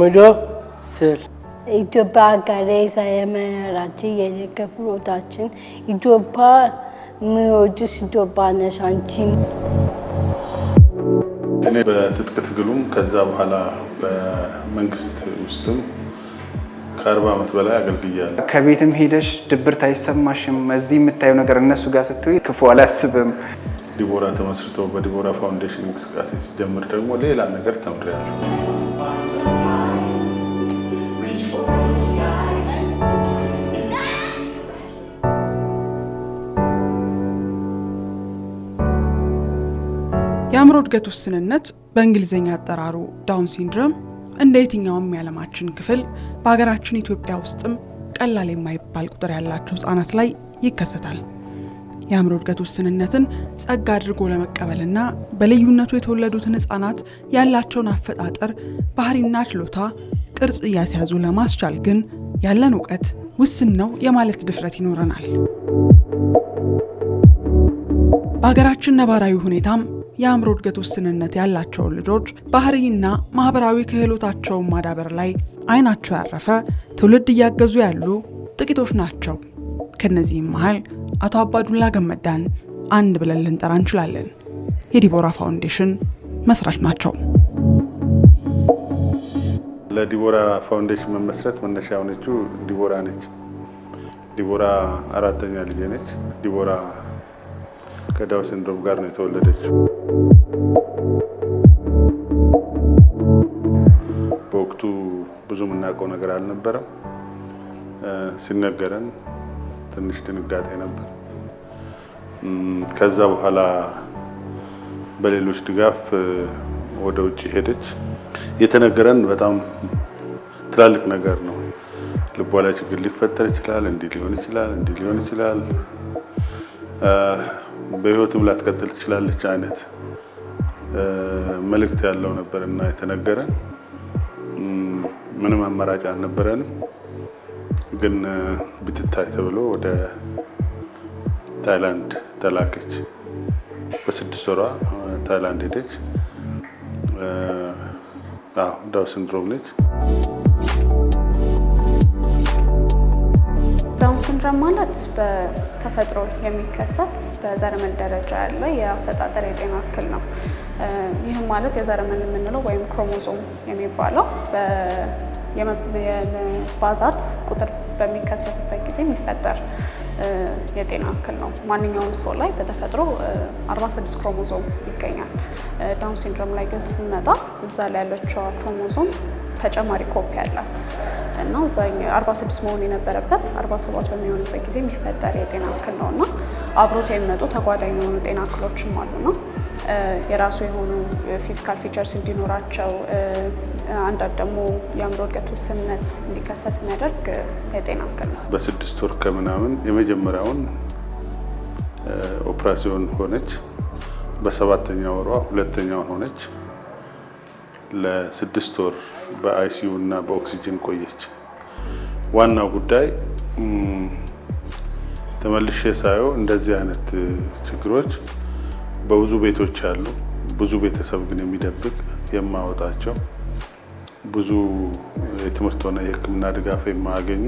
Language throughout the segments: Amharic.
የሚለው ስል ኢትዮጵያ ሀገሬ ሳየመራችን የነገ ፍሮታችን ኢትዮጵያ ምወድስ ኢትዮጵያ ነሽ አንቺ። እኔ በትጥቅ ትግሉም ከዛ በኋላ በመንግስት ውስጥም ከአርባ ዓመት በላይ አገልግያለሁ። ከቤትም ሄደሽ ድብርት አይሰማሽም? እዚህ የምታየው ነገር እነሱ ጋር ስትሆይ ክፉ አላስብም። ዲቦራ ተመስርቶ በዲቦራ ፋውንዴሽን እንቅስቃሴ ሲጀምር ደግሞ ሌላ ነገር ተምሬያለሁ። የአእምሮ እድገት ውስንነት በእንግሊዝኛ አጠራሩ ዳውን ሲንድሮም እንደ የትኛውም የዓለማችን ክፍል በሀገራችን ኢትዮጵያ ውስጥም ቀላል የማይባል ቁጥር ያላቸው ህጻናት ላይ ይከሰታል። የአእምሮ እድገት ውስንነትን ጸጋ አድርጎ ለመቀበልና በልዩነቱ የተወለዱትን ህጻናት ያላቸውን አፈጣጠር ባህሪና ችሎታ ቅርጽ እያስያዙ ለማስቻል ግን ያለን እውቀት ውስን ነው የማለት ድፍረት ይኖረናል። በሀገራችን ነባራዊ ሁኔታም የአእምሮ እድገት ውስንነት ያላቸውን ልጆች ባህሪና ማህበራዊ ክህሎታቸውን ማዳበር ላይ አይናቸው ያረፈ ትውልድ እያገዙ ያሉ ጥቂቶች ናቸው። ከነዚህም መሃል አቶ አባዱላ ገመዳን አንድ ብለን ልንጠራ እንችላለን። የዲቦራ ፋውንዴሽን መስራች ናቸው። ለዲቦራ ፋውንዴሽን መመስረት መነሻ የሆነችው ዲቦራ ነች። ዲቦራ አራተኛ ልጄ ነች። ዲቦራ ከዳውን ሲንድሮም ጋር ነው የተወለደችው። የምናውቀው ነገር አልነበረም። ሲነገረን ትንሽ ድንጋጤ ነበር። ከዛ በኋላ በሌሎች ድጋፍ ወደ ውጭ ሄደች። የተነገረን በጣም ትላልቅ ነገር ነው። ልቧ ላይ ችግር ሊፈጠር ይችላል፣ እንዲህ ሊሆን ይችላል፣ እንዲህ ሊሆን ይችላል፣ በህይወትም ላትቀጥል ትችላለች አይነት መልእክት ያለው ነበር እና የተነገረን ምንም አማራጭ አልነበረንም። ግን ብትታይ ተብሎ ወደ ታይላንድ ተላከች። በስድስት ወሯ ታይላንድ ሄደች። ዳው ሲንድሮም ነች። ዳውን ሲንድሮም ማለት በተፈጥሮ የሚከሰት በዘረመል ደረጃ ያለ የአፈጣጠር የጤና እክል ነው። ይህም ማለት የዘረመል የምንለው ወይም ክሮሞዞም የሚባለው የመባዛት ቁጥር በሚከሰትበት ጊዜ የሚፈጠር የጤና እክል ነው። ማንኛውም ሰው ላይ በተፈጥሮ 46 ክሮሞዞም ይገኛል። ዳውን ሲንድሮም ላይ ግን ስንመጣ እዛ ላይ ያለችዋ ክሮሞዞም ተጨማሪ ኮፒ አላት እና እዛ 46 መሆን የነበረበት 47 በሚሆንበት ጊዜ የሚፈጠር የጤና እክል ነው እና አብሮት የሚመጡ ተጓዳኝ የሆኑ ጤና እክሎችም አሉ ነው የራሱ የሆኑ ፊዚካል ፊቸርስ እንዲኖራቸው፣ አንዳንድ ደግሞ የአእምሮ እድገት ውስንነት እንዲከሰት የሚያደርግ የጤና እክል ነው። በስድስት ወር ከምናምን የመጀመሪያውን ኦፕራሲዮን ሆነች። በሰባተኛ ወሯ ሁለተኛውን ሆነች። ለስድስት ወር በአይሲዩ እና በኦክሲጅን ቆየች። ዋናው ጉዳይ ተመልሼ ሳየው እንደዚህ አይነት ችግሮች በብዙ ቤቶች አሉ። ብዙ ቤተሰብ ግን የሚደብቅ የማወጣቸው ብዙ የትምህርት ሆነ የሕክምና ድጋፍ የማያገኙ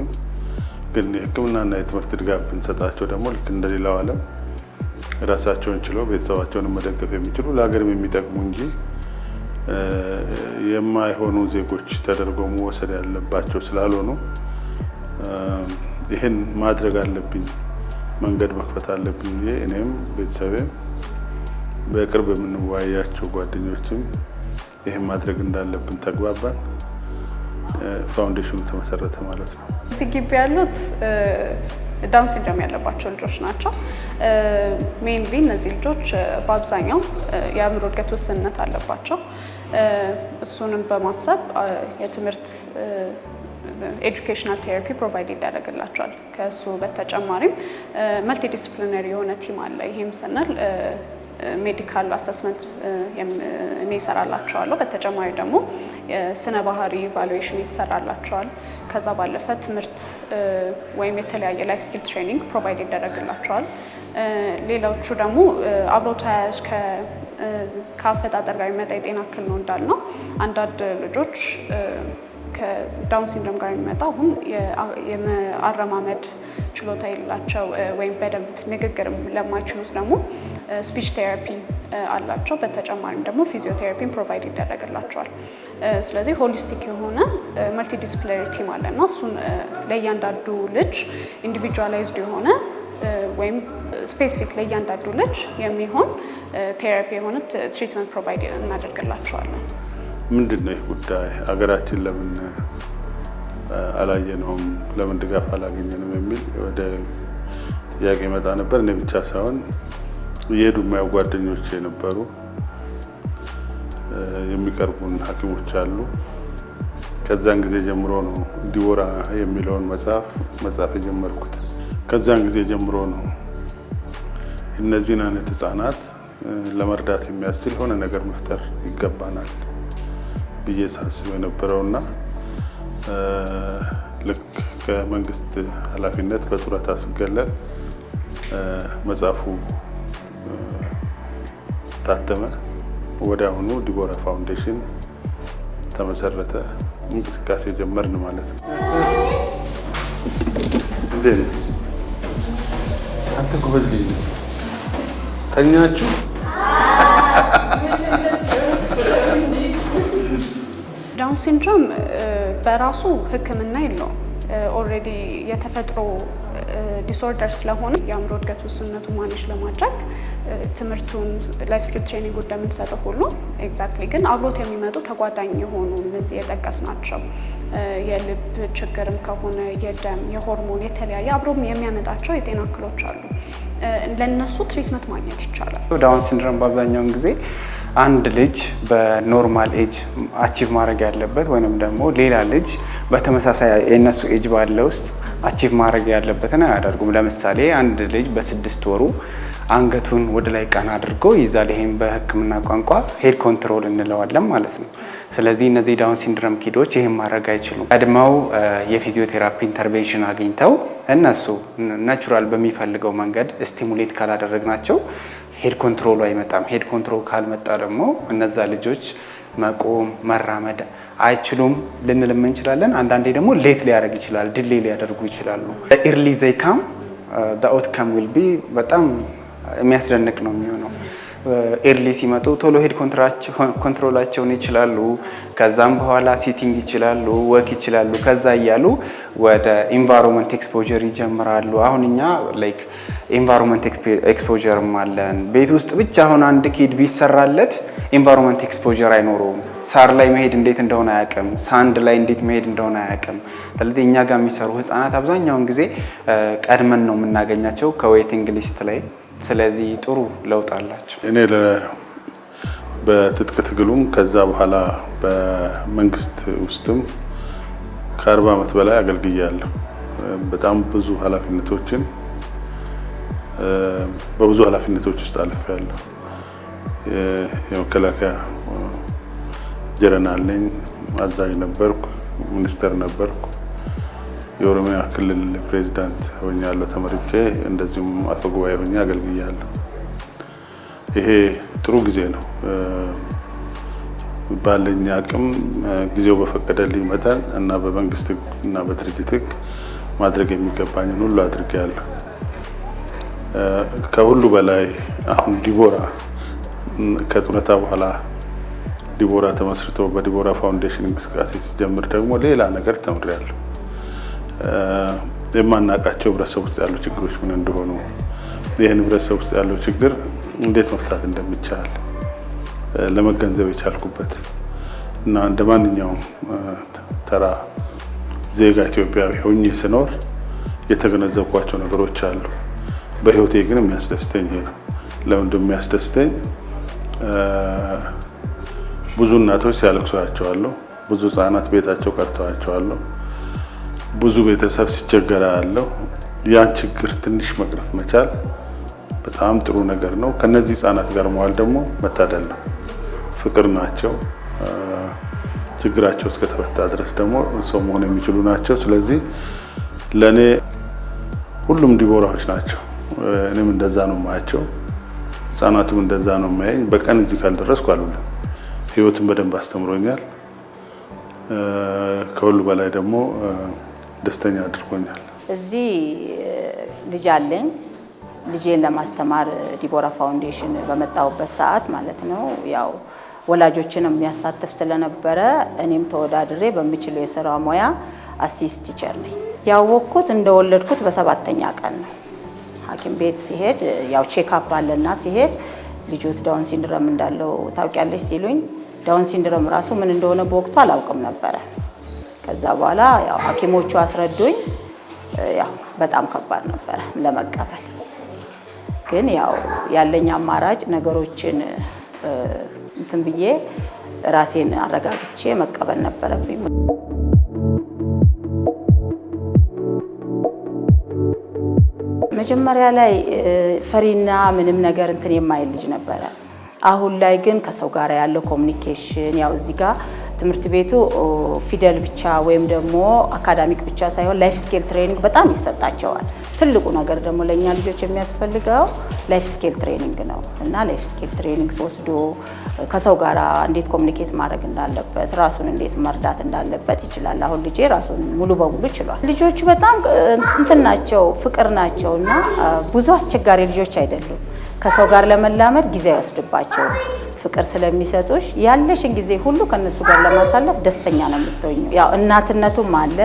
ግን የሕክምናና የትምህርት ድጋፍ ብንሰጣቸው ደግሞ ልክ እንደሌላው ዓለም ራሳቸውን ችለው ቤተሰባቸውን መደገፍ የሚችሉ ለሀገርም የሚጠቅሙ እንጂ የማይሆኑ ዜጎች ተደርጎ መወሰድ ያለባቸው ስላልሆኑ ይህን ማድረግ አለብኝ፣ መንገድ መክፈት አለብኝ ብዬ እኔም ቤተሰቤም በቅርብ የምንወያያቸው ጓደኞችም ይህን ማድረግ እንዳለብን ተግባባን። ፋውንዴሽኑ ተመሰረተ ማለት ነው። እዚህ ግቢ ያሉት ዳውን ሲንድሮም ያለባቸው ልጆች ናቸው። ሜንሊ እነዚህ ልጆች በአብዛኛው የአእምሮ እድገት ውስንነት አለባቸው። እሱንም በማሰብ የትምህርት ኤጁኬሽናል ቴራፒ ፕሮቫይድ ይደረግላቸዋል። ከእሱ በተጨማሪም መልቲ ዲስፕሊነሪ የሆነ ቲም አለ። ይህም ስንል ሜዲካል አሰስመንት እኔ ይሰራላቸዋለሁ። በተጨማሪ ደግሞ ስነ ባህሪ ኢቫሉዌሽን ይሰራላቸዋል። ከዛ ባለፈ ትምህርት ወይም የተለያየ ላይፍ ስኪል ትሬኒንግ ፕሮቫይድ ይደረግላቸዋል። ሌላዎቹ ደግሞ አብሮ ተያያዥ ከአፈጣጠር ጋር የሚመጣ የጤና እክል ነው እንዳልነው አንዳንድ ልጆች ከዳውን ሲንድሮም ጋር የሚመጣ አሁን የአረማመድ ችሎታ የሌላቸው ወይም በደንብ ንግግር ለማይችሉት ደግሞ ስፒች ቴራፒ አላቸው። በተጨማሪም ደግሞ ፊዚዮቴራፒን ፕሮቫይድ ይደረግላቸዋል። ስለዚህ ሆሊስቲክ የሆነ መልቲዲስፕሊነሪ ቲም አለ እና እሱን ለእያንዳንዱ ልጅ ኢንዲቪጁዋላይዝድ የሆነ ወይም ስፔሲፊክ ለእያንዳንዱ ልጅ የሚሆን ቴራፒ የሆነ ትሪትመንት ፕሮቫይድ እናደርግላቸዋለን። ምንድን ነው ይህ ጉዳይ ሀገራችን ለምን አላየነውም፣ ለምን ድጋፍ አላገኘንም የሚል ወደ ጥያቄ መጣ ነበር። እኔ ብቻ ሳይሆን የሄዱ የማየው ጓደኞች የነበሩ የሚቀርቡን ሐኪሞች አሉ። ከዛን ጊዜ ጀምሮ ነው ዲቦራ የሚለውን መጽሐፍ መጽሐፍ የጀመርኩት። ከዛን ጊዜ ጀምሮ ነው እነዚህን አይነት ህጻናት ለመርዳት የሚያስችል የሆነ ነገር መፍጠር ይገባናል። ብዬ ሳስብ እና ልክ ከመንግስት ኃላፊነት በጡረታ ስገለል መጽሐፉ ታተመ። ወዲያውኑ ዲቦራ ፋውንዴሽን ተመሰረተ። እንቅስቃሴ ጀመርን ማለት ነው። አንተ ጎበዝ ተኛችሁ ዳውን ሲንድሮም በራሱ ሕክምና የለውም። ኦልሬዲ የተፈጥሮ ዲስኦርደር ስለሆነ የአእምሮ እድገት ውስንነቱ ማኔጅ ለማድረግ ትምህርቱን ላይፍ ስኪል ትሬኒንግ እንደምንሰጠው ሁሉ ኤግዛክትሊ ግን አብሮት የሚመጡ ተጓዳኝ የሆኑ እነዚህ የጠቀስናቸው የልብ ችግርም ከሆነ የደም፣ የሆርሞን የተለያየ አብሮም የሚያመጣቸው የጤና እክሎች አሉ። ለእነሱ ትሪትመንት ማግኘት ይቻላል። ዳውን ሲንድሮም በአብዛኛውን ጊዜ አንድ ልጅ በኖርማል ኤጅ አቺቭ ማድረግ ያለበት ወይም ደግሞ ሌላ ልጅ በተመሳሳይ የእነሱ ኤጅ ባለ ውስጥ አቺቭ ማድረግ ያለበትን አያደርጉም። ለምሳሌ አንድ ልጅ በስድስት ወሩ አንገቱን ወደ ላይ ቀና አድርጎ ይዛል። ይህም በሕክምና ቋንቋ ሄድ ኮንትሮል እንለዋለን ማለት ነው። ስለዚህ እነዚህ ዳውን ሲንድረም ኪዶች ይህም ማድረግ አይችሉም። ቀድመው የፊዚዮቴራፒ ኢንተርቬንሽን አግኝተው እነሱ ናቹራል በሚፈልገው መንገድ ስቲሙሌት ናቸው። ሄድ ኮንትሮሉ አይመጣም። ሄድ ኮንትሮል ካልመጣ ደግሞ እነዛ ልጆች መቆም መራመድ አይችሉም ልንልም እንችላለን። አንዳንዴ ደግሞ ሌት ሊያደርግ ይችላል፣ ድሌ ሊያደርጉ ይችላሉ። ኢርሊ ዘይካም ኦትካም ዊል ቢ በጣም የሚያስደንቅ ነው የሚሆነው። ኤርሊ ሲመጡ ቶሎ ሄድ ኮንትሮላቸውን ይችላሉ። ከዛም በኋላ ሲቲንግ ይችላሉ፣ ወክ ይችላሉ። ከዛ እያሉ ወደ ኢንቫይሮንመንት ኤክስፖር ይጀምራሉ። አሁን እኛ ላይክ ኢንቫይሮንመንት አለን። ቤት ውስጥ ብቻ አሁን አንድ ኪድ ቢሰራለት ኢንቫይሮንመንት ኤክስፖጀር አይኖረውም። ሳር ላይ መሄድ እንዴት እንደሆነ አያውቅም። ሳንድ ላይ እንዴት መሄድ እንደሆነ አያውቅም። ስለዚህ እኛ ጋር የሚሰሩ ህጻናት አብዛኛውን ጊዜ ቀድመን ነው የምናገኛቸው ከዌቲንግ ሊስት ላይ ስለዚህ ጥሩ ለውጥ አላቸው። እኔ በትጥቅ ትግሉም ከዛ በኋላ በመንግስት ውስጥም ከአርባ ዓመት በላይ አገልግያለሁ። በጣም ብዙ ኃላፊነቶችን በብዙ ኃላፊነቶች ውስጥ አልፌያለሁ። የመከላከያ ጀነራል አዛዥ ነበርኩ፣ ሚኒስተር ነበርኩ፣ የኦሮሚያ ክልል ፕሬዚዳንት ያለው ተመርጬ፣ እንደዚሁም አፈ ጉባኤ ሆኜ አገልግያለሁ። ይሄ ጥሩ ጊዜ ነው። ባለኝ አቅም ጊዜው በፈቀደልኝ መጠን እና በመንግስት እና በድርጅት ህግ ማድረግ የሚገባኝን ሁሉ አድርጌያለሁ። ከሁሉ በላይ አሁን ዲቦራ ከጡረታ በኋላ ዲቦራ ተመስርቶ በዲቦራ ፋውንዴሽን እንቅስቃሴ ሲጀምር ደግሞ ሌላ ነገር ተምሬያለሁ። የማናውቃቸው ህብረተሰብ ውስጥ ያሉ ችግሮች ምን እንደሆኑ፣ ይህን ህብረተሰብ ውስጥ ያለው ችግር እንዴት መፍታት እንደሚቻል ለመገንዘብ የቻልኩበት እና እንደ ማንኛውም ተራ ዜጋ ኢትዮጵያዊ ሆኜ ስኖር የተገነዘብኳቸው ነገሮች አሉ። በህይወቴ ግን የሚያስደስተኝ ይሄ ነው። ለምንድን የሚያስደስተኝ? ብዙ እናቶች ሲያለቅሱ አያቸዋለሁ። ብዙ ህጻናት ቤታቸው ቀርተዋቸዋለሁ። ብዙ ቤተሰብ ሲቸገራ ያለው ያን ችግር ትንሽ መቅረፍ መቻል በጣም ጥሩ ነገር ነው። ከነዚህ ህጻናት ጋር መዋል ደግሞ መታደል ነው። ፍቅር ናቸው። ችግራቸው እስከተፈታ ድረስ ደግሞ ሰው መሆን የሚችሉ ናቸው። ስለዚህ ለእኔ ሁሉም ዲቦራዎች ናቸው። እኔም እንደዛ ነው የማያቸው፣ ህጻናቱም እንደዛ ነው የማየኝ። በቀን እዚህ ካልደረስኩ አሉልም። ህይወትን በደንብ አስተምሮኛል። ከሁሉ በላይ ደግሞ ደስተኛ አድርጎኛል። እዚህ ልጅ አለኝ። ልጄን ለማስተማር ዲቦራ ፋውንዴሽን በመጣሁበት ሰዓት ማለት ነው ያው ወላጆችን የሚያሳትፍ ስለነበረ እኔም ተወዳድሬ በምችለው የስራ ሙያ አሲስት ቲቸር ነኝ። ያወቅኩት እንደወለድኩት በሰባተኛ ቀን ነው። ሐኪም ቤት ሲሄድ ያው ቼክአፕ አለና ሲሄድ ልጆት ዳውን ሲንድረም እንዳለው ታውቂያለች ሲሉኝ ዳውን ሲንድረም ራሱ ምን እንደሆነ በወቅቱ አላውቅም ነበረ ከዛ በኋላ ያው ሐኪሞቹ አስረዱኝ። ያው በጣም ከባድ ነበረ ለመቀበል፣ ግን ያው ያለኝ አማራጭ ነገሮችን እንትን ብዬ ራሴን አረጋግቼ መቀበል ነበረብኝ። መጀመሪያ ላይ ፈሪና ምንም ነገር እንትን የማይል ልጅ ነበረ። አሁን ላይ ግን ከሰው ጋር ያለው ኮሚኒኬሽን ያው እዚህ ጋር ትምህርት ቤቱ ፊደል ብቻ ወይም ደግሞ አካዳሚክ ብቻ ሳይሆን ላይፍ ስኬል ትሬኒንግ በጣም ይሰጣቸዋል። ትልቁ ነገር ደግሞ ለእኛ ልጆች የሚያስፈልገው ላይፍ ስኬል ትሬኒንግ ነው እና ላይፍ ስኬል ትሬኒንግ ወስዶ ከሰው ጋር እንዴት ኮሚኒኬት ማድረግ እንዳለበት፣ ራሱን እንዴት መርዳት እንዳለበት ይችላል። አሁን ልጄ ራሱን ሙሉ በሙሉ ችሏል። ልጆቹ በጣም እንትን ናቸው፣ ፍቅር ናቸው እና ብዙ አስቸጋሪ ልጆች አይደሉም። ከሰው ጋር ለመላመድ ጊዜ አይወስድባቸውም። ፍቅር ስለሚሰጡሽ ያለሽን ጊዜ ሁሉ ከነሱ ጋር ለማሳለፍ ደስተኛ ነው የምትሆኙ። ያው እናትነቱም አለ።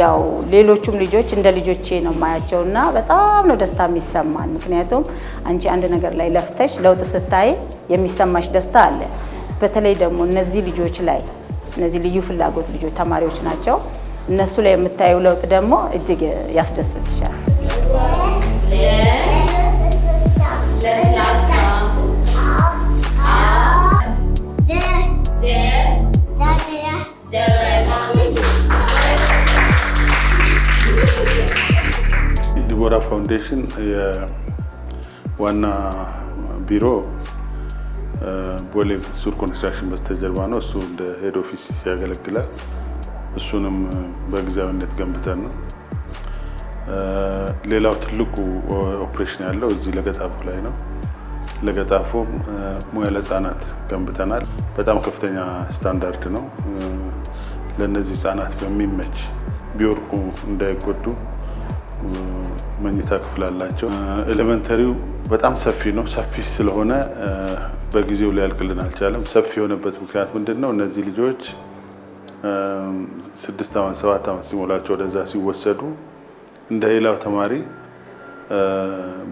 ያው ሌሎቹም ልጆች እንደ ልጆቼ ነው የማያቸው እና በጣም ነው ደስታ የሚሰማን። ምክንያቱም አንቺ አንድ ነገር ላይ ለፍተሽ ለውጥ ስታይ የሚሰማሽ ደስታ አለ። በተለይ ደግሞ እነዚህ ልጆች ላይ እነዚህ ልዩ ፍላጎት ልጆች ተማሪዎች ናቸው። እነሱ ላይ የምታየው ለውጥ ደግሞ እጅግ ያስደስትሻል። የጎራ ፋውንዴሽን ዋና ቢሮ ቦሌ ሱር ኮንስትራክሽን በስተጀርባ ነው። እሱ እንደ ሄድ ኦፊስ ያገለግላል። እሱንም በጊዜያዊነት ገንብተን ነው። ሌላው ትልቁ ኦፕሬሽን ያለው እዚህ ለገጣፎ ላይ ነው። ለገጣፎም ሙያ ለህፃናት ገንብተናል። በጣም ከፍተኛ ስታንዳርድ ነው። ለእነዚህ ህፃናት በሚመች ቢወርቁ እንዳይጎዱ መኝታ ክፍል አላቸው። ኤሌመንተሪው በጣም ሰፊ ነው። ሰፊ ስለሆነ በጊዜው ሊያልቅልን አልቻለም። ሰፊ የሆነበት ምክንያት ምንድን ነው? እነዚህ ልጆች ስድስት ዓመት ሰባት ዓመት ሲሞላቸው ወደዛ ሲወሰዱ እንደ ሌላው ተማሪ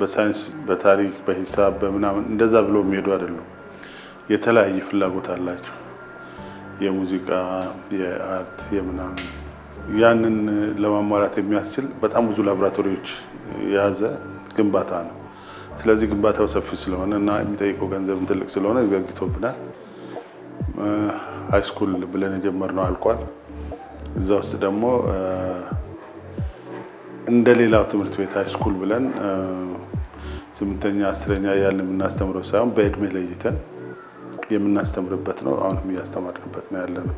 በሳይንስ በታሪክ በሂሳብ በምናምን እንደዛ ብሎ የሚሄዱ አይደሉም። የተለያየ ፍላጎት አላቸው። የሙዚቃ፣ የአርት፣ የምናምን ያንን ለማሟላት የሚያስችል በጣም ብዙ ላቦራቶሪዎች የያዘ ግንባታ ነው። ስለዚህ ግንባታው ሰፊ ስለሆነ እና የሚጠይቀው ገንዘብ ትልቅ ስለሆነ ዘግቶብናል። ሃይስኩል ብለን የጀመርነው አልቋል። እዛ ውስጥ ደግሞ እንደ ሌላው ትምህርት ቤት ሃይስኩል ብለን ስምንተኛ አስረኛ ያለን የምናስተምረው ሳይሆን በእድሜ ለይተን የምናስተምርበት ነው። አሁንም እያስተማርንበት ነው ያለ ነው።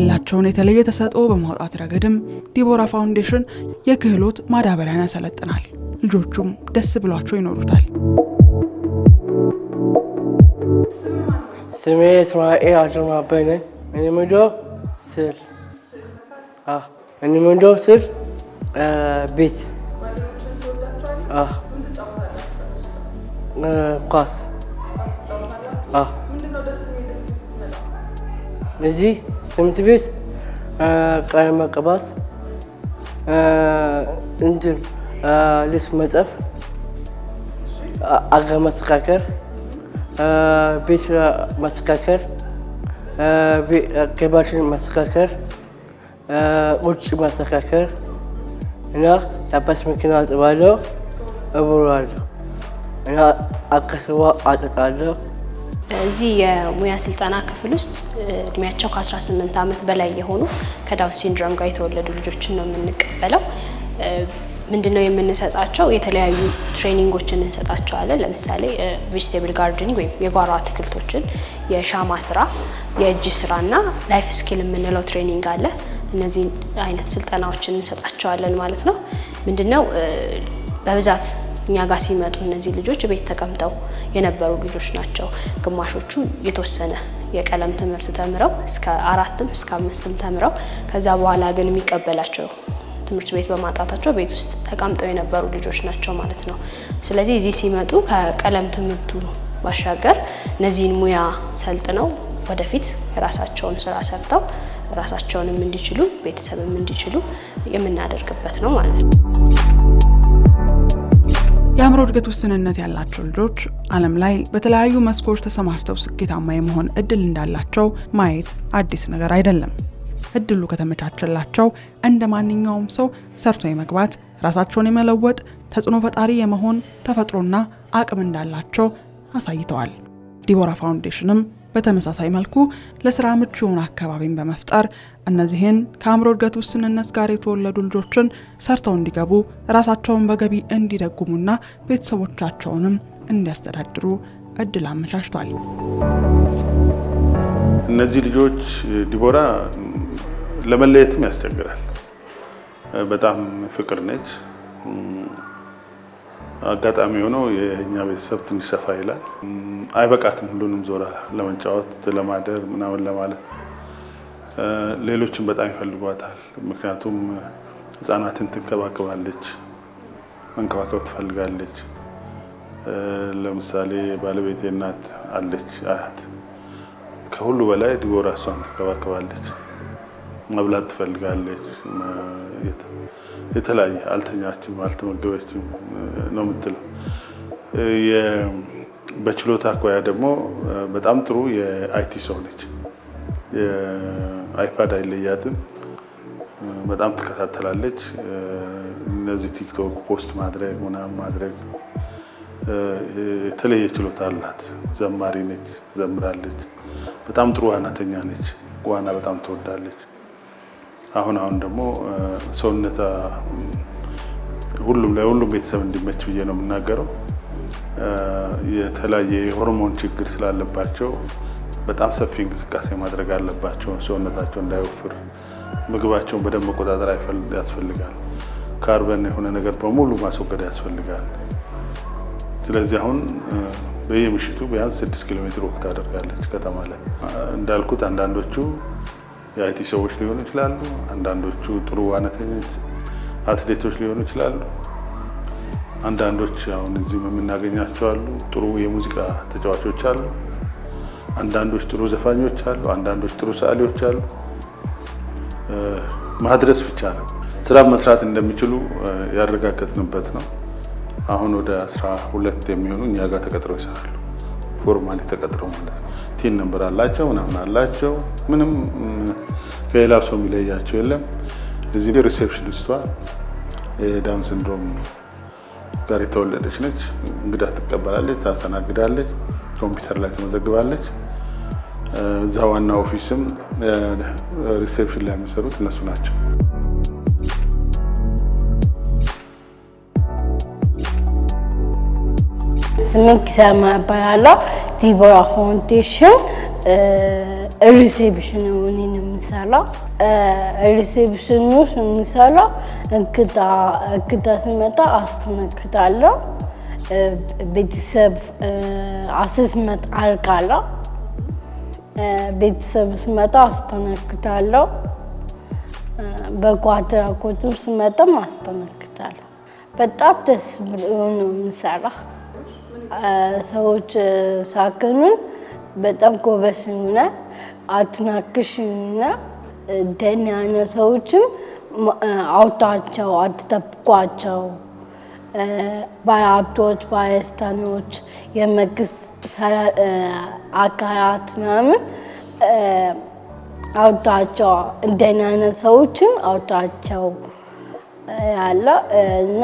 ያላቸውን የተለየ ተሰጥኦ በማውጣት ረገድም ዲቦራ ፋውንዴሽን የክህሎት ማዳበሪያን ያሰለጥናል። ልጆቹም ደስ ብሏቸው ይኖሩታል። ስሜ እስማኤል አድርማበይ ነኝ። እንምዶ ስር እንምዶ ስር ቤት ኳስ እዚህ ትምህርት ቤት ቃሪያ መቀባት፣ እንትን ልብስ መጠፍ፣ አገር ማስተካከል፣ ቤት ማስተካከል፣ ገባችን ማስተካከል፣ ውጭ ማስተካከል እና የአባት መኪና አጥባለሁ፣ እብራለሁ እና አከስዋ አጠጣለሁ። እዚህ የሙያ ስልጠና ክፍል ውስጥ እድሜያቸው ከ18 ዓመት በላይ የሆኑ ከዳውን ሲንድሮም ጋር የተወለዱ ልጆችን ነው የምንቀበለው። ምንድነው የምንሰጣቸው? የተለያዩ ትሬኒንጎችን እንሰጣቸዋለን። ለምሳሌ ቬጅቴብል ጋርደኒንግ ወይም የጓሮ አትክልቶችን፣ የሻማ ስራ፣ የእጅ ስራ እና ላይፍ ስኪል የምንለው ትሬኒንግ አለ። እነዚህ አይነት ስልጠናዎችን እንሰጣቸዋለን ማለት ነው። ምንድነው በብዛት እኛ ጋር ሲመጡ እነዚህ ልጆች ቤት ተቀምጠው የነበሩ ልጆች ናቸው። ግማሾቹ የተወሰነ የቀለም ትምህርት ተምረው እስከ አራትም እስከ አምስትም ተምረው ከዛ በኋላ ግን የሚቀበላቸው ትምህርት ቤት በማጣታቸው ቤት ውስጥ ተቀምጠው የነበሩ ልጆች ናቸው ማለት ነው። ስለዚህ እዚህ ሲመጡ ከቀለም ትምህርቱ ባሻገር እነዚህን ሙያ ሰልጥነው ወደፊት የራሳቸውን ስራ ሰርተው ራሳቸውንም እንዲችሉ ቤተሰብም እንዲችሉ የምናደርግበት ነው ማለት ነው። የአእምሮ እድገት ውስንነት ያላቸው ልጆች ዓለም ላይ በተለያዩ መስኮች ተሰማርተው ስኬታማ የመሆን እድል እንዳላቸው ማየት አዲስ ነገር አይደለም። እድሉ ከተመቻቸላቸው እንደ ማንኛውም ሰው ሰርቶ የመግባት፣ ራሳቸውን የመለወጥ፣ ተጽዕኖ ፈጣሪ የመሆን ተፈጥሮና አቅም እንዳላቸው አሳይተዋል። ዲቦራ ፋውንዴሽንም በተመሳሳይ መልኩ ለስራ ምቹ የሆነ አካባቢን በመፍጠር እነዚህን ከአእምሮ እድገት ውስንነት ጋር የተወለዱ ልጆችን ሰርተው እንዲገቡ ራሳቸውን በገቢ እንዲደጉሙና ቤተሰቦቻቸውንም እንዲያስተዳድሩ እድል አመቻችቷል። እነዚህ ልጆች ዲቦራ ለመለየትም ያስቸግራል። በጣም ፍቅር ነች። አጋጣሚ የሆነው የእኛ ቤተሰብ ትንሽ ሰፋ ይላል። አይበቃትም ሁሉንም ዞራ ለመጫወት ለማደር ምናምን ለማለት ሌሎችን በጣም ይፈልጓታል። ምክንያቱም ህፃናትን ትንከባከባለች፣ መንከባከብ ትፈልጋለች። ለምሳሌ ባለቤቴ እናት አለች አያት፣ ከሁሉ በላይ ድጎራ እሷን ትንከባከባለች። መብላት ትፈልጋለች የተለያየ አልተኛችም፣ አልተመገበችም ነው የምትለው። በችሎታ አኳያ ደግሞ በጣም ጥሩ የአይቲ ሰው ነች። አይፓድ አይለያትም፣ በጣም ትከታተላለች። እነዚህ ቲክቶክ ፖስት ማድረግ ምናምን ማድረግ የተለየ ችሎታ አላት። ዘማሪ ነች፣ ትዘምራለች። በጣም ጥሩ ዋናተኛ ነች። ዋና በጣም ትወዳለች። አሁን አሁን ደግሞ ሰውነት ሁሉም ለሁሉም ቤተሰብ እንዲመች ብዬ ነው የምናገረው። የተለያየ የሆርሞን ችግር ስላለባቸው በጣም ሰፊ እንቅስቃሴ ማድረግ አለባቸው። ሰውነታቸው እንዳይወፍር ምግባቸውን በደንብ መቆጣጠር ያስፈልጋል። ካርበን የሆነ ነገር በሙሉ ማስወገድ ያስፈልጋል። ስለዚህ አሁን በየምሽቱ ቢያንስ ስድስት ኪሎ ሜትር ወቅት አደርጋለች ከተማ ላይ እንዳልኩት አንዳንዶቹ የአይቲ ሰዎች ሊሆኑ ይችላሉ። አንዳንዶቹ ጥሩ ዋናተኞች አትሌቶች ሊሆኑ ይችላሉ። አንዳንዶች አሁን እዚህም የምናገኛቸው አሉ። ጥሩ የሙዚቃ ተጫዋቾች አሉ። አንዳንዶች ጥሩ ዘፋኞች አሉ። አንዳንዶች ጥሩ ሰዓሊዎች አሉ። ማድረስ ብቻ ነው ስራ መስራት እንደሚችሉ ያረጋገጥንበት ነው። አሁን ወደ አስራ ሁለት የሚሆኑ እኛ ጋር ተቀጥረው ይሰራሉ። ፎርማሊ ተቀጥረው ማለት ነው። ቲን ነንበር አላቸው ምናምን አላቸው። ምንም ከሌላ ሰው የሚለያቸው የለም። እዚህ ሪሴፕሽኒስቷ የዳውን ሲንድሮም ጋር የተወለደች ነች። እንግዳ ትቀበላለች፣ ታስተናግዳለች፣ ኮምፒውተር ላይ ትመዘግባለች። እዛ ዋና ኦፊስም ሪሴፕሽን ላይ የሚሰሩት እነሱ ናቸው። ስሜን ኪሳማ እባላለሁ። ዲቦራ ፋውንዴሽን ሪሴፕሽን ሆኔ ነው የምሰራው። ሪሴፕሽን ውስጥ የምሰራው እንግዳ እንግዳ ስመጣ አስተናግዳለሁ። ቤተሰብ አስስመት አልቃለሁ። ቤተሰብ ስመጣ አስተናግዳለሁ። በጎ አድራጎትም ስመጣም አስተናግዳለሁ። በጣም ደስ ብሎ ነው የምሰራ ሰዎች ሳከኑን በጣም ጎበስ ይሆናል፣ አትናክሽ ይሆናል። ደህና ያነ ሰዎችም አውጣቸው፣ አትጠብቋቸው። ባለሀብቶች፣ ባለስልጣኖች፣ የመንግስት አካላት ምናምን አውጣቸው፣ እንደናነ ሰዎችም አውጣቸው ያለው እና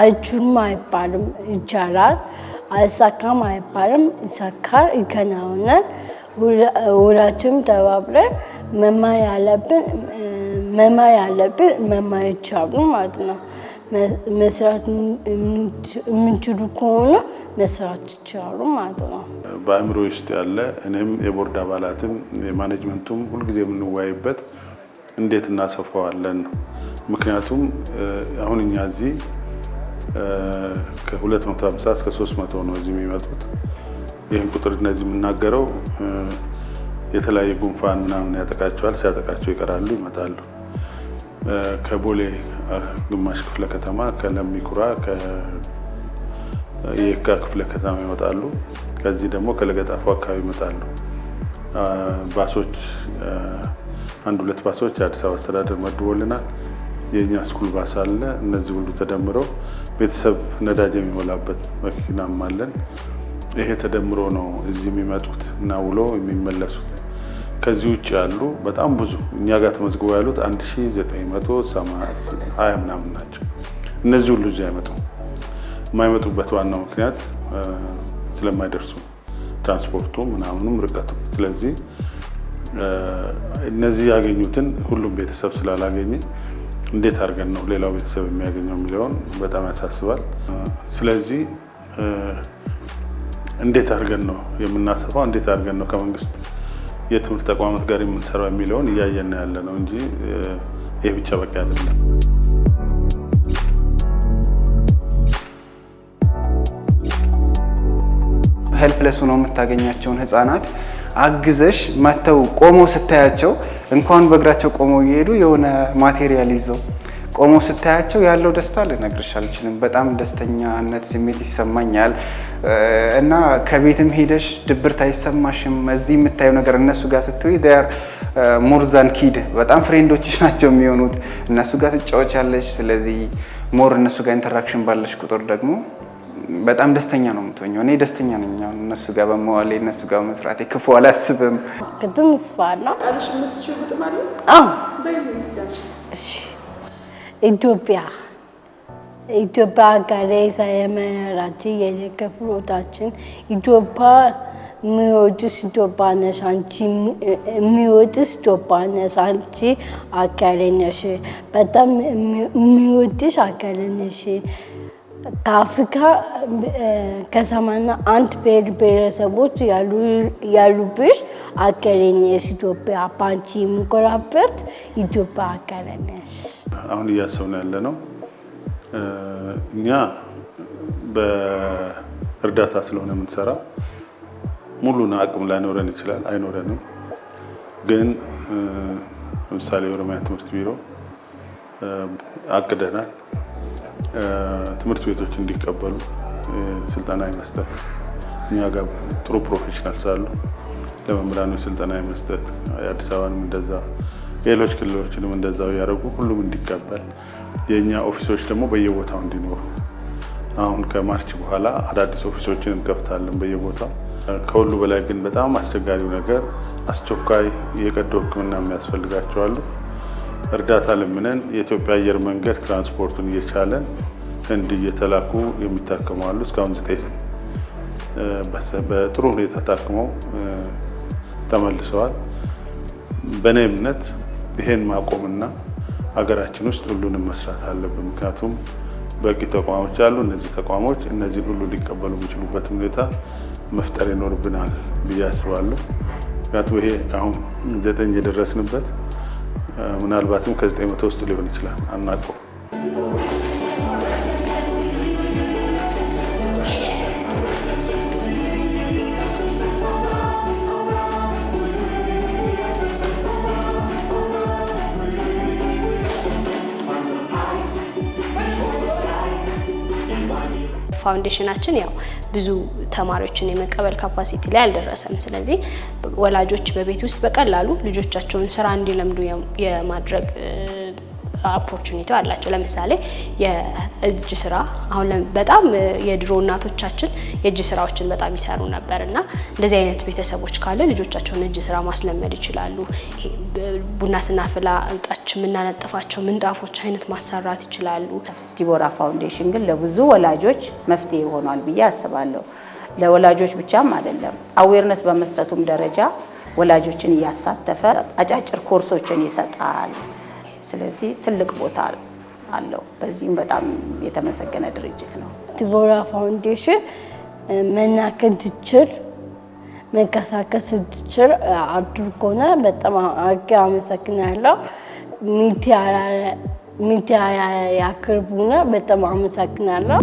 አይችሉም አይባልም፣ ይቻላል። አይሳካም አይባልም፣ ይሳካል። ይከናውናል። ሁላችንም ተባብረን መማር ያለብን መማር ያለብን መማር ይቻሉ ማለት ነው። መስራት የምንችሉ ከሆኑ መስራት ይቻሉ ማለት ነው። በአእምሮ ውስጥ ያለ እኔም የቦርድ አባላትም የማኔጅመንቱም ሁልጊዜ የምንወያይበት እንዴት እናሰፋዋለን ነው። ምክንያቱም አሁን እኛ እዚህ ከ250 እስከ 300 ነው እዚህ የሚመጡት። ይህን ቁጥር እነዚህ የምናገረው የተለያየ ጉንፋን ምናምን ያጠቃቸዋል። ሲያጠቃቸው ይቀራሉ፣ ይመጣሉ። ከቦሌ ግማሽ ክፍለ ከተማ፣ ከለሚኩራ የካ ክፍለ ከተማ ይመጣሉ። ከዚህ ደግሞ ከለገጣፎ አካባቢ ይመጣሉ። ባሶች አንድ ሁለት ባሶች አዲስ አበባ አስተዳደር መድቦልናል። የእኛ ስኩል ባስ አለ። እነዚህ ሁሉ ተደምረው ቤተሰብ ነዳጅ የሚሞላበት መኪናም አለን። ይሄ ተደምሮ ነው እዚህ የሚመጡት እና ውሎ የሚመለሱት። ከዚህ ውጭ ያሉ በጣም ብዙ እኛ ጋር ተመዝግበው ያሉት 1920 ምናምን ናቸው። እነዚህ ሁሉ እዚህ አይመጡም። የማይመጡበት ዋናው ምክንያት ስለማይደርሱ ትራንስፖርቱ ምናምኑም ርቀቱ። ስለዚህ እነዚህ ያገኙትን ሁሉም ቤተሰብ ስላላገኘ እንዴት አድርገን ነው ሌላው ቤተሰብ የሚያገኘው የሚለውን በጣም ያሳስባል። ስለዚህ እንዴት አድርገን ነው የምናሰፋው፣ እንዴት አድርገን ነው ከመንግስት የትምህርት ተቋማት ጋር የምንሰራው የሚለውን እያየን ያለ ነው እንጂ ይህ ብቻ በቂ አይደለም። ሄልፕለስ ሆነው የምታገኛቸውን ህጻናት አግዘሽ መተው ቆመው ስታያቸው እንኳን በእግራቸው ቆመው እየሄዱ የሆነ ማቴሪያል ይዘው ቆመው ስታያቸው ያለው ደስታ ልነግርሽ አልችልም። በጣም ደስተኛነት ስሜት ይሰማኛል እና ከቤትም ሄደሽ ድብርት አይሰማሽም። እዚህ የምታየው ነገር እነሱ ጋር ስትይ ር ሞርዛን ኪድ በጣም ፍሬንዶችሽ ናቸው የሚሆኑት። እነሱ ጋር ትጫወቻለሽ። ስለዚህ ሞር እነሱ ጋር ኢንተራክሽን ባለሽ ቁጥር ደግሞ በጣም ደስተኛ ነው የምትሆኘው። እኔ ደስተኛ ነኝ እነሱ ጋር በመዋል እነሱ ጋር በመስራቴ ክፉ አላስብም። ግጥም ይስፋላ ኢትዮጵያ ኢትዮጵያ ጋር ሳየመራች የደከፍሮታችን ኢትዮጵያ የሚወድስ ኢትዮጵያ ነሽ አንቺ የሚወድስ ኢትዮጵያ ነሽ አንቺ አካል ነሽ በጣም የሚወድሽ አካል ነሽ ከአፍሪካ ከሰማንያ አንድ ብሔር ብሔረሰቦች ያሉብሽ አገሬ ነሽ ኢትዮጵያ። በአንቺ የምኮራበት ኢትዮጵያ አገሬ ነሽ። አሁን እያሰብን ያለ ነው እኛ በእርዳታ ስለሆነ የምንሰራ ሙሉን አቅም ላይኖረን ይችላል፣ አይኖረንም። ግን ለምሳሌ የኦሮሚያ ትምህርት ቢሮ አቅደናል ትምህርት ቤቶች እንዲቀበሉ ስልጠና የመስጠት እኛ ጋር ጥሩ ፕሮፌሽናል ሳሉ ለመምህራኖች ስልጠና የመስጠት አዲስ አበባንም እንደዛ ሌሎች ክልሎችንም እንደዛው እያደረጉ ሁሉም እንዲቀበል የእኛ ኦፊሶች ደግሞ በየቦታው እንዲኖሩ አሁን ከማርች በኋላ አዳዲስ ኦፊሶችን እንከፍታለን በየቦታው። ከሁሉ በላይ ግን በጣም አስቸጋሪው ነገር አስቸኳይ የቀዶ ሕክምና የሚያስፈልጋቸው አሉ። እርዳታ ለምነን የኢትዮጵያ አየር መንገድ ትራንስፖርቱን እየቻለን ህንድ እየተላኩ የሚታከሙ አሉ። እስካሁን ዘጠኝ በጥሩ ሁኔታ ታክመው ተመልሰዋል። በእኔ እምነት ይሄን ማቆምና ሀገራችን ውስጥ ሁሉንም መስራት አለብን። ምክንያቱም በቂ ተቋሞች አሉ። እነዚህ ተቋሞች እነዚህን ሁሉ ሊቀበሉ የሚችሉበት ሁኔታ መፍጠር ይኖርብናል ብዬ አስባለሁ። ምክንያቱም ይሄ አሁን ዘጠኝ የደረስንበት ምናልባትም ከ900 ውስጥ ሊሆን ይችላል አናውቀው ፋውንዴሽናችን ያው ብዙ ተማሪዎችን የመቀበል ካፓሲቲ ላይ አልደረሰም። ስለዚህ ወላጆች በቤት ውስጥ በቀላሉ ልጆቻቸውን ስራ እንዲለምዱ የማድረግ ኦፖርቹኒቲ አላቸው። ለምሳሌ የእጅ ስራ አሁን በጣም የድሮ እናቶቻችን የእጅ ስራዎችን በጣም ይሰሩ ነበር እና እንደዚህ አይነት ቤተሰቦች ካለ ልጆቻቸውን እጅ ስራ ማስለመድ ይችላሉ። ቡና ስናፍላ እጣች የምናነጥፋቸው ምንጣፎች አይነት ማሰራት ይችላሉ። ዲቦራ ፋውንዴሽን ግን ለብዙ ወላጆች መፍትሄ ሆኗል ብዬ አስባለሁ። ለወላጆች ብቻም አይደለም አዌርነስ በመስጠቱም ደረጃ ወላጆችን እያሳተፈ አጫጭር ኮርሶችን ይሰጣል። ስለዚህ ትልቅ ቦታ አለው። በዚህም በጣም የተመሰገነ ድርጅት ነው። ዲቦራ ፋውንዴሽን መናከ እንድችል መንቀሳቀስ እንድችል አድርጎና በጣም አርጌ አመሰግናለሁ። ሚዲያ ያቅርቡና በጣም አመሰግናለሁ።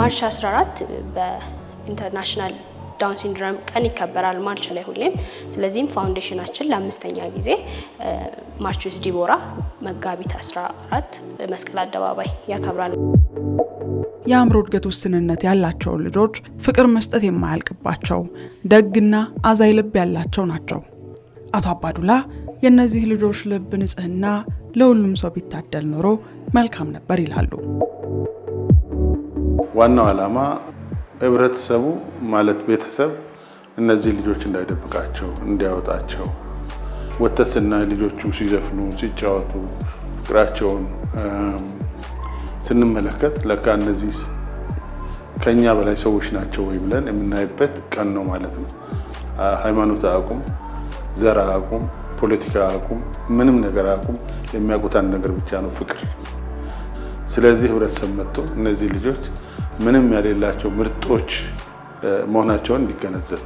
ማርች 14 በኢንተርናሽናል ዳውን ሲንድሮም ቀን ይከበራል ማርች ላይ ሁሌም። ስለዚህም ፋውንዴሽናችን ለአምስተኛ ጊዜ ማርችስ ዲቦራ መጋቢት 14 መስቀል አደባባይ ያከብራል። የአእምሮ እድገት ውስንነት ያላቸውን ልጆች ፍቅር መስጠት የማያልቅባቸው ደግና አዛይ ልብ ያላቸው ናቸው። አቶ አባዱላ የእነዚህ ልጆች ልብ ንጽህና ለሁሉም ሰው ቢታደል ኖሮ መልካም ነበር ይላሉ። ዋናው ዓላማ ህብረተሰቡ ማለት ቤተሰብ እነዚህ ልጆች እንዳይደብቃቸው እንዲያወጣቸው ወተስና ልጆቹ ሲዘፍኑ ሲጫወቱ ፍቅራቸውን ስንመለከት ለካ እነዚህ ከኛ በላይ ሰዎች ናቸው ወይ ብለን የምናይበት ቀን ነው ማለት ነው። ሃይማኖት አቁም፣ ዘር አቁም፣ ፖለቲካ አቁም፣ ምንም ነገር አቁም፣ የሚያውቁት አንድ ነገር ብቻ ነው ፍቅር። ስለዚህ ህብረተሰብ መጥቶ እነዚህ ልጆች ምንም የሌላቸው ምርጦች መሆናቸውን እንዲገነዘብ